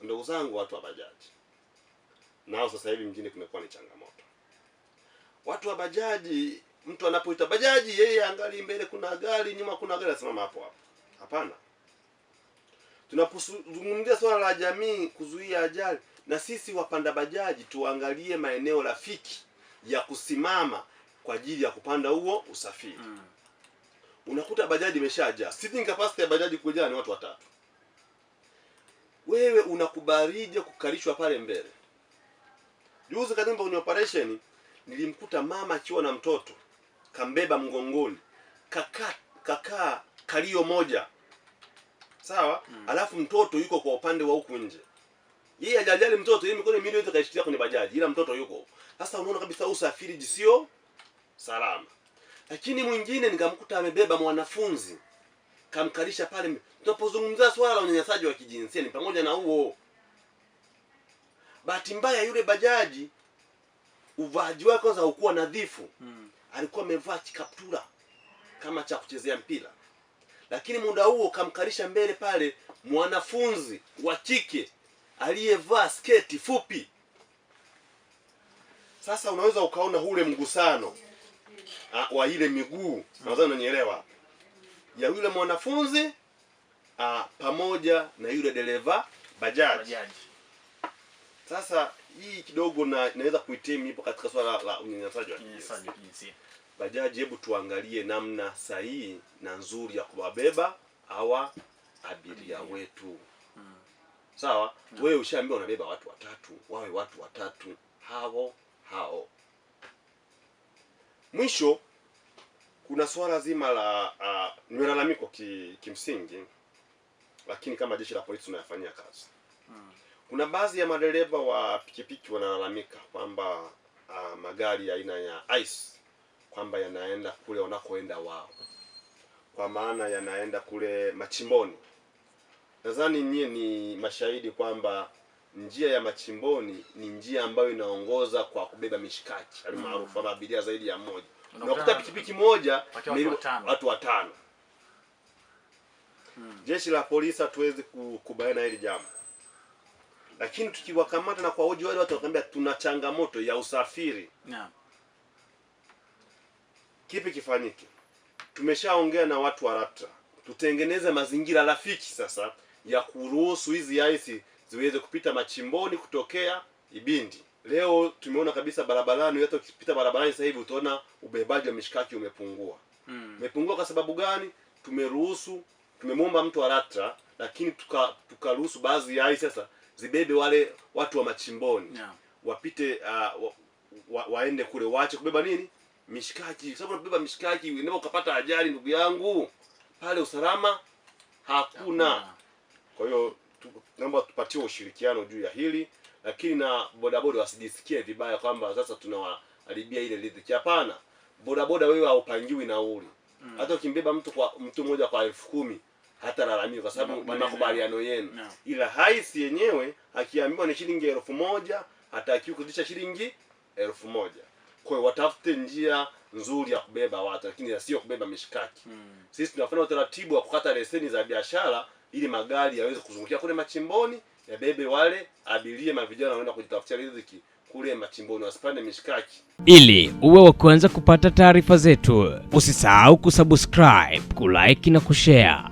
Ndugu zangu, watu wa bajaji nao sasa hivi mjini kumekuwa ni changamoto. Watu wa bajaji, mtu anapoita bajaji, yeye angali mbele kuna gari, nyuma kuna gari, anasimama hapo hapo. Hapana, tunapozungumzia swala la jamii kuzuia ajali, na sisi wapanda bajaji tuangalie maeneo rafiki ya kusimama kwa ajili ya kupanda huo usafiri mm. Unakuta bajaji imeshajaa, sitting capacity ya bajaji kujaa ni watu watatu wewe unakubalije kukalishwa pale mbele? Juzi katimba kwenye operation nilimkuta mama akiwa na mtoto kambeba mgongoni, kakaa kakaa kalio moja sawa mm. Alafu mtoto yuko kwa upande wa huku nje, yeye hajajali mtoto, yeye mikono miwili yote kaishikilia kwenye bajaji, ila mtoto yuko sasa. Unaona kabisa usafiri jisio salama. Lakini mwingine nikamkuta amebeba mwanafunzi kamkalisha pale. Tunapozungumzia swala la unyanyasaji wa kijinsia ni pamoja na huo. Bahati mbaya yule bajaji uvaaji wake kwanza haukuwa nadhifu hmm. Alikuwa amevaa kikaptura kama cha kuchezea mpira, lakini muda huo kamkalisha mbele pale mwanafunzi wa kike aliyevaa sketi fupi. Sasa unaweza ukaona ule mgusano ah, wa ile miguu, nadhani unanielewa ya yule mwanafunzi a, ah, pamoja na yule dereva bajaji. bajaji. Sasa hii kidogo na inaweza kuitemi ipo katika swala la unyanyasaji wa kijinsia. Bajaji, hebu tuangalie namna sahihi na nzuri ya kuwabeba hawa abiria wetu hmm. Sawa hmm. Wewe ushaambiwa unabeba watu watatu, wawe watu watatu hao hao. Mwisho kuna swala zima la uh, ni malalamiko ki, kimsingi, lakini kama jeshi la polisi tunayafanyia kazi hmm. Kuna baadhi ya madereva wa pikipiki wanalalamika kwamba uh, magari aina ya, ya ice kwamba yanaenda kule wanakoenda wao, kwa maana yanaenda kule machimboni. Nadhani nyie ni mashahidi kwamba njia ya machimboni ni njia ambayo inaongoza kwa kubeba mishikaki almaarufu hmm. ama abiria zaidi ya mmoja, unakuta pikipiki moja watu watano mm. jeshi la polisi hatuwezi kukubaliana hili jambo, lakini tukiwakamata na kuwahoji wale watu wakaambia tuna changamoto ya usafiri yeah. Kipi kifanyike? Tumeshaongea na watu wa RATRA, tutengeneze mazingira rafiki sasa ya kuruhusu hizi aisi ziweze kupita machimboni kutokea Ibindi. Leo tumeona kabisa barabarani, hata ukipita barabarani sasa hivi utaona ubebaji wa mishikaki umepungua. Hmm. Umepungua kwa sababu gani? Tumeruhusu tumemwomba mtu wa LATRA lakini tukaruhusu tuka baadhi ya sasa zibebe wale watu wa machimboni yeah. wapite uh, wa, wa, waende kule waache kubeba nini mishikaki, sababu unabeba mishikaki endapo ukapata ajali, ndugu yangu, pale usalama hakuna. Kwa hiyo naomba tupatie ushirikiano juu ya hili, lakini na bodaboda wasijisikie vibaya kwamba sasa tunawaharibia ile riziki. Hapana, bodaboda wewe haupangiwi nauli. Mm. Hata mm. ukimbeba mtu kwa mtu mmoja kwa elfu kumi hatalalamika kwa sababu ni makubaliano yenu no. Ila haisi yenyewe akiambiwa ni shilingi elfu moja hatakiwi kuzidisha shilingi elfu moja Kwa hiyo watafute njia nzuri ya kubeba watu, lakini sio kubeba mishikaki mm. Sisi tunafanya utaratibu wa kukata leseni za biashara ili magari yaweze kuzungukia kule machimboni, yabebe wale abirie na vijana wanaenda kujitafutia riziki kule machimboni, wasipande mishikaki. Ili uwe wa kwanza kupata taarifa zetu, usisahau kusubscribe, kulike na kushare.